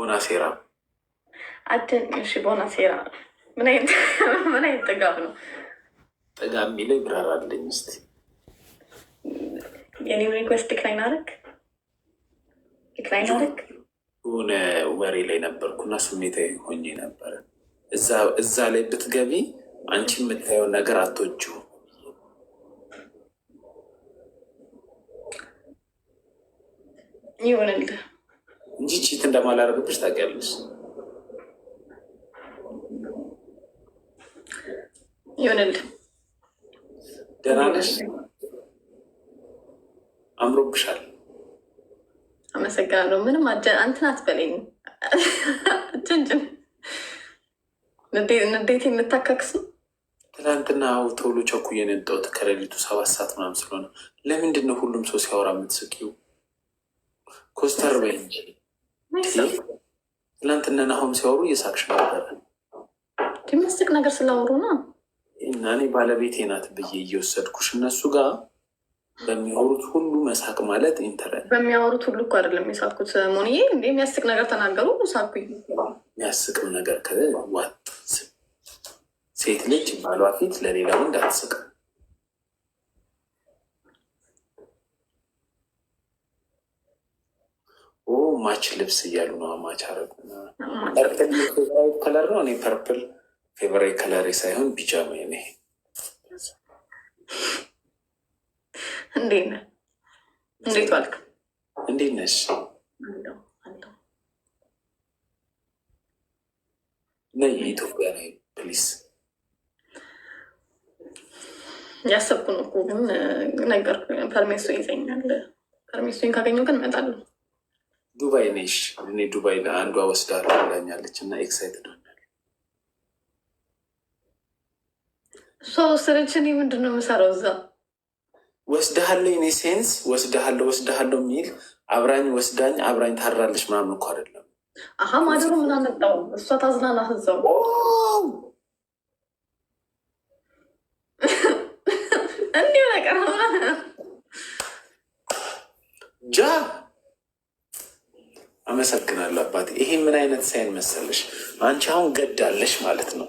ቦናሴራ አደንሽ። ቦናሴራ ምን አይነት ጥጋብ ነው? ጥጋብ የሚለው ይብራራልኝ እስኪ። የኔም ሪኩዌስት ዲክላይን አደረግ ዲክላይን አደረግ። የሆነ ወሬ ላይ ነበርኩና ስሜታዊ ሆኜ ነበረ። እዛ ላይ ብትገቢ አንቺ የምታየው ነገር አትወጪው ይሆንልህ እንጂ ቺት እንደማላደርግብሽ ታውቂያለሽ። ይሆንል ደህና ነሽ? አምሮብሻል። አመሰግናለሁ። ምንም አንትን አትበለኝ። ጅንጅን ንዴት የምታካክሱ ትናንትና ቶሎ ቸኩ ነው የመጣሁት ከሌሊቱ ሰባት ሰዓት ምናምን ስለሆነ፣ ለምንድን ነው ሁሉም ሰው ሲያወራ የምትስቂው? ኮስተር በይ እንጂ ትላንትና ናሆም ሲያወሩ እየሳቅሽ ነበረ። የሚያስቅ ነገር ስላወሩ ነው እና እኔ ባለቤቴ ናት ብዬ እየወሰድኩሽ እነሱ ጋር በሚያወሩት ሁሉ መሳቅ ማለት ኢንተረት በሚያወሩት ሁሉ እኮ አይደለም የሳቅኩት ሞንዬ። እንደ የሚያስቅ ነገር ተናገሩ ሳኩ። የሚያስቅም ነገር ከዋጥ ሴት ልጅ ባሏ ፊት ለሌላ ወንድ አትስቅም። ማች ልብስ እያሉ ነው። ማች አረጉ ከለር ነው። እኔ ፐርፕል ፌቨሬ ከለሬ ሳይሆን ቢጫ ነው። ኔ እንዴት ነህ? እንዴት ዋልክ? እንዴት ነሽ? ነይ ኢትዮጵያ ነይ ፕሊስ። ያሰብኩን እኮ ግን ነገር ፐርሜሶ ይዘኛል። ፐርሜሶን ካገኘው ግን እመጣለሁ ዱባይ ነሽ? እኔ ዱባይ አንዷ ወስዳለሁ ብላኛለች እና ኤክሳይትድ ሆናለሁ። እሷ ወሰደች። እኔ ምንድን ነው የምሰራው እዛ? ወስዳሃለሁ ኔ ሴንስ ወስዳሃለሁ ወስዳሃለሁ የሚል አብራኝ ወስዳኝ አብራኝ ታድራለች ምናምን እኮ አይደለም። አሀ ማደሩ ምን አመጣው? እሷ ታዝናና እዛው እንዲ ነቀር ጃ አመሰግናለሁ አባቴ። ይሄ ምን አይነት ሳይን መሰለሽ? አንቺ አሁን ገዳለሽ ማለት ነው።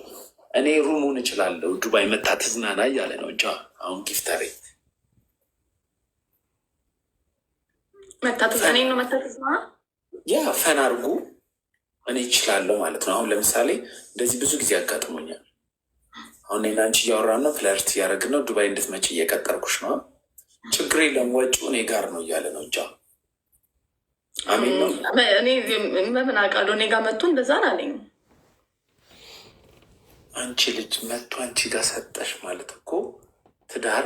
እኔ ሩሙን እችላለሁ ዱባይ መታ ትዝናና እያለ ነው እ አሁን ጊፍተሬ ያ ፈን አድርጉ እኔ እችላለሁ ማለት ነው። አሁን ለምሳሌ እንደዚህ ብዙ ጊዜ አጋጥሞኛል። አሁን ሌላ አንቺ እያወራን ነው፣ ፍለርት እያደረግን ነው። ዱባይ እንድትመጪ እየቀጠርኩሽ ነው። ችግር የለም ወጪው እኔ ጋር ነው እያለ ነው እንጂ እኔ አውቃለሁ? እኔ ጋር መጥቶ እንደዛን አለኝ። አንቺ ልጅ መጥቶ አንቺ ጋር ሰጠሽ ማለት እኮ ትዳር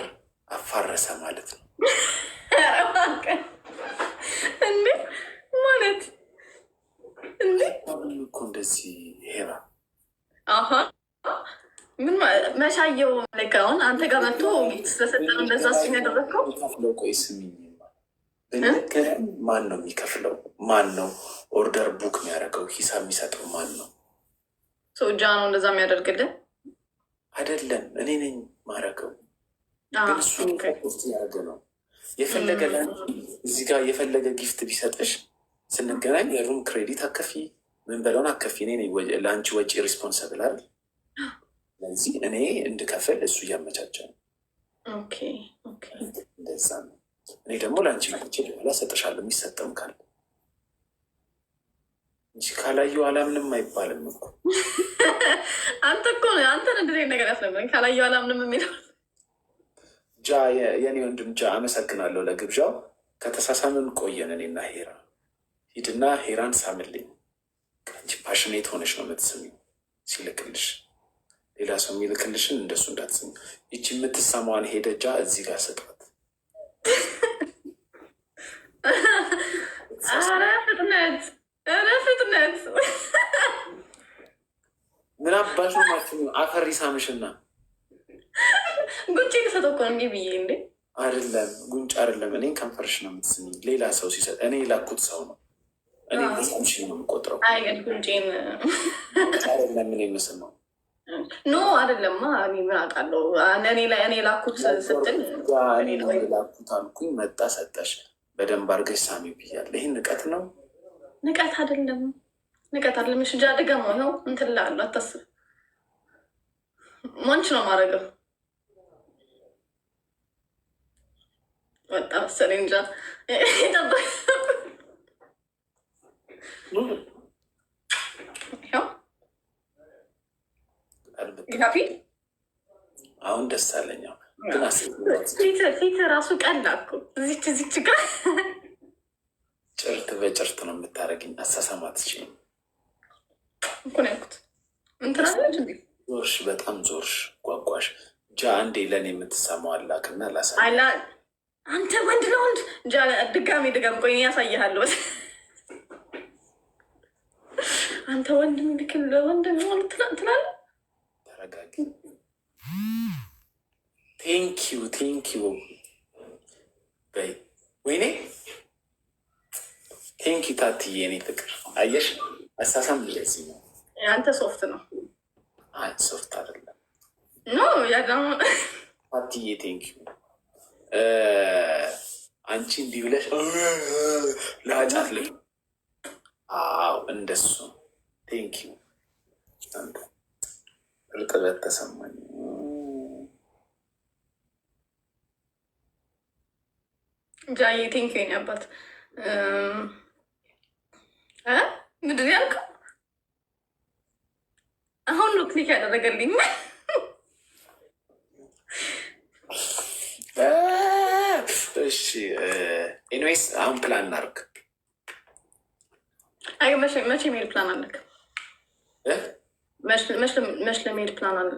አፋረሰ ማለት ነው። እንዴ ማለት እኮ እንደዚህ ሄራ ምን መሻየው አንተ ጋር መጥቶ ስለሰጠነው እንደዛ ሲያደረግከው ቆይ ስሚኝ ማን ነው የሚከፍለው? ማን ነው ኦርደር ቡክ የሚያደርገው? ሂሳብ የሚሰጠው ማን ነው? ሰው እጃ ነው እንደዛ የሚያደርግልን አይደለም። እኔ ነኝ ማረገው፣ ግን እሱ ፖስት ያደረገ ነው። የፈለገ እዚህ ጋር የፈለገ ጊፍት ቢሰጥሽ ስንገናኝ የሩም ክሬዲት አከፊ ምን በለውን አከፊ እኔ ለአንቺ ወጪ ሪስፖንሰብል አይደል? ስለዚህ እኔ እንድከፍል እሱ እያመቻቸ ነው። እንደዛ ነው እኔ ደግሞ ለአንቺ መጥቼ ሌላ ሰጥሻለሁ የሚሰጠም ካለ እንጂ ካላየሁ አላምንም አይባልም እኮ። አንተ እኮ አንተን እንደዚህ ነገር ያስነበረኝ ካላየሁ አላምንም የሚለው ጃ፣ የኔ ወንድም ጃ፣ አመሰግናለሁ ለግብዣው። ከተሳሳምን ቆየን። እኔና ሄራ ሂድና ሄራን ሳምልኝ። ከአንቺ ፓሽኔት ሆነች ነው የምትስሚው ሲልክልሽ ሌላ ሰው የሚልክልሽን እንደሱ እንዳትስሚ። ይቺ የምትሰማዋን ሄደ ጃ እዚህ ጋር ስጧት። ኧረ ፍጥነት! ኧረ ፍጥነት! ምን አባሽ ነው ማትሙ? አፈር ጉንጭ ልሰጠው እኮ እንዲህ ብዬ እንዴ? አይደለም ጉንጭ አይደለም። እኔ ከንፈርሽ ነው የምትስሚኝ። ሌላ ሰው ሲሰጥ እኔ ላኩት ሰው ነው እኔ ሳምሽ ነው የምቆጥረው። አይገድ ጉንጭን አይደለም እኔ የምስማው ኖ አይደለማ። እኔ ምን አውቃለሁ? እኔ ላኩት ስትል እኔ ላኩት አልኩኝ፣ መጣ ሰጠሽ በደንብ አድርገሽ ሳሚ ብያለሁ። ይህ ንቀት ነው? ንቀት አይደለም። ንቀት አይደለም። ሽጃ አደጋ ሆነው እንትን እልሃለሁ። አታስብ። ሞንች ነው ማድረገው ወጣ መሰለኝ እንጃ አሁን ደስ አለኛው ፊት ራሱ ቀላ እኮ እዚች እዚች ጋር ጭርት በጭርት ነው የምታደርግኝ። አሳሳማት ች ዞርሽ፣ በጣም ዞርሽ፣ ጓጓሽ። ጃ አንዴ ለእኔ የምትሰማው አላክና ላሳ አንተ ወንድ ነው ወንድ ጃ ድጋሜ ድጋም ቆይ ያሳይሃለሁ። አንተ ወንድ ልክል ለወንድ ትላለህ። ተረጋጊ ቴንኪዩ ቴንኪዩ በይ ወይኔ ቴንኪ ታትዬ የኔ ፍቅር አየሽ፣ አሳሳም እንደዚህ ነው። አንተ ሶፍት ነው። አይ ሶፍት አይደለም። ኖ ያዳሞ ታትዬ ቴንኪ አንቺ እንዲህ ብለሽ ለጫት ል አዎ፣ እንደሱ ቴንኪ እርጥበት ተሰማ ጃዬ ቴንኪ የኔ አባት ምንድን ያልከው? አሁን ነው ክሊክ ያደረገልኝ። እሺ ኢንዌይስ አሁን ፕላን እናድርግ። አይ መቼ መሄድ ፕላን አለክ? መች ለመሄድ ፕላን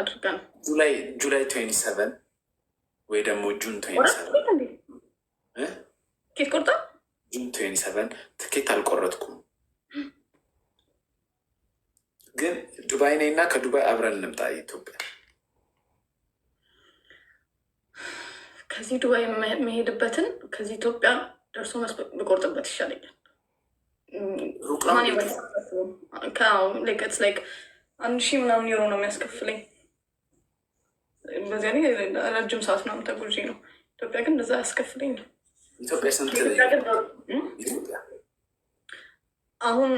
አድርጋ ጁላይ ጁላይ ትዌንቲ ሰቨን ወይ ደግሞ ጁን ትዌንቲ ሰቨን ትኬት ቆርጣ ትዌንቲ ሰቨን ትኬት አልቆረጥኩም፣ ግን ዱባይ ነኝ እና ከዱባይ አብረን ልምጣ ኢትዮጵያ። ከዚህ ዱባይ መሄድበትን ከዚህ ኢትዮጵያ ደርሶ መስኮት ብቆርጥበት ይሻለኛል። አንድ ሺህ ምናምን ዩሮ ነው የሚያስከፍለኝ። በዚያ ረጅም ሰዓት ምናምን ተጉዤ ነው። ኢትዮጵያ ግን እዛ ያስከፍለኝ ነው። ኢትዮጵያ ስንት አሁን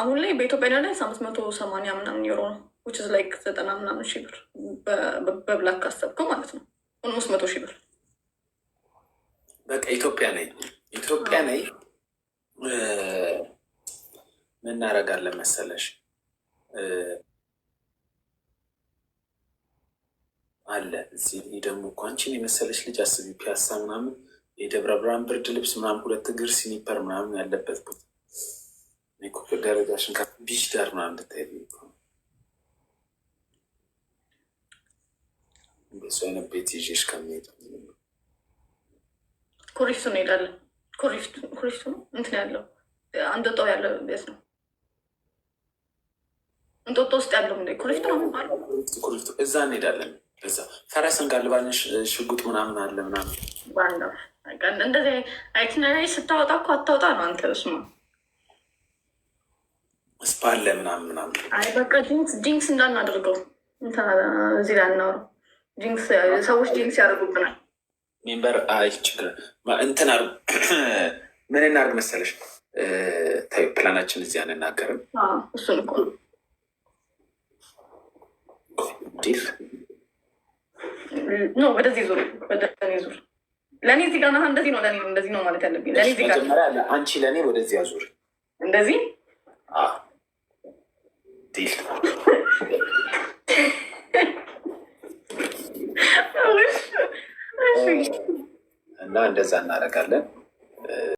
አሁን ላይ በኢትዮጵያ ላይ አምስት መቶ ሰማንያ ምናምን ዩሮ ነው ዊች ላይክ ዘጠና ምናምን ሺ ብር በብላክ ካሰብከው ማለት ነው። አምስት መቶ ሺ ብር በቃ ኢትዮጵያ ነ ኢትዮጵያ ነ ምን እናደርጋለን መሰለሽ አለ እዚህ ደግሞ እኮ አንቺን የመሰለሽ ልጅ አስቢ ፒያሳ ምናምን የደብረ ብርሃን ብርድ ልብስ ምናምን ሁለት እግር ሲኒፐር ምናምን ያለበት ቦታ ደረጃ ሽንካ ቢች ዳር ምናምን እንድታሄድ እንደሱ አይነት ቤት ይዤሽ ከሚሄድ ኩሪፍቱ እንሄዳለን። ኩሪፍቱ ነው እንትን ያለው እንጦጦ ያለው ቤት ነው። እንጦጦ ውስጥ ያለው ኩሪፍቱ ነው። ኩሪፍቱ እዛ እንሄዳለን። ፈረስን ጋልባን ሽጉጥ ምናምን አለ ምናምን እንደዚህ አይትነሪ ስታወጣ እኮ አታወጣ ነው አንተ ስማ ስፓለ ምናምን ምናምን። አይ በቃ ጂንክስ ጂንክስ እንዳናደርገው እዚህ ላይ እናውረው። ጂንክስ ሰዎች ጂንክስ ያደርጉብናል። ሜምበር አይ ችግር እንትን አር ምን እናርግ መሰለሽ? ታዩ ፕላናችን እዚህ አንናገርም። እሱን እኮ ኖ ወደዚህ ዙር ወደኔ ዙር ለእኔ እዚህ ጋር እንደዚህ ነው ለእኔ እንደዚህ ነው ማለት ያለብኝ ለእኔ እዚህ ጋር አንቺ ለእኔ ወደዚህ ዙር እንደዚህ እና እንደዛ እናደርጋለን።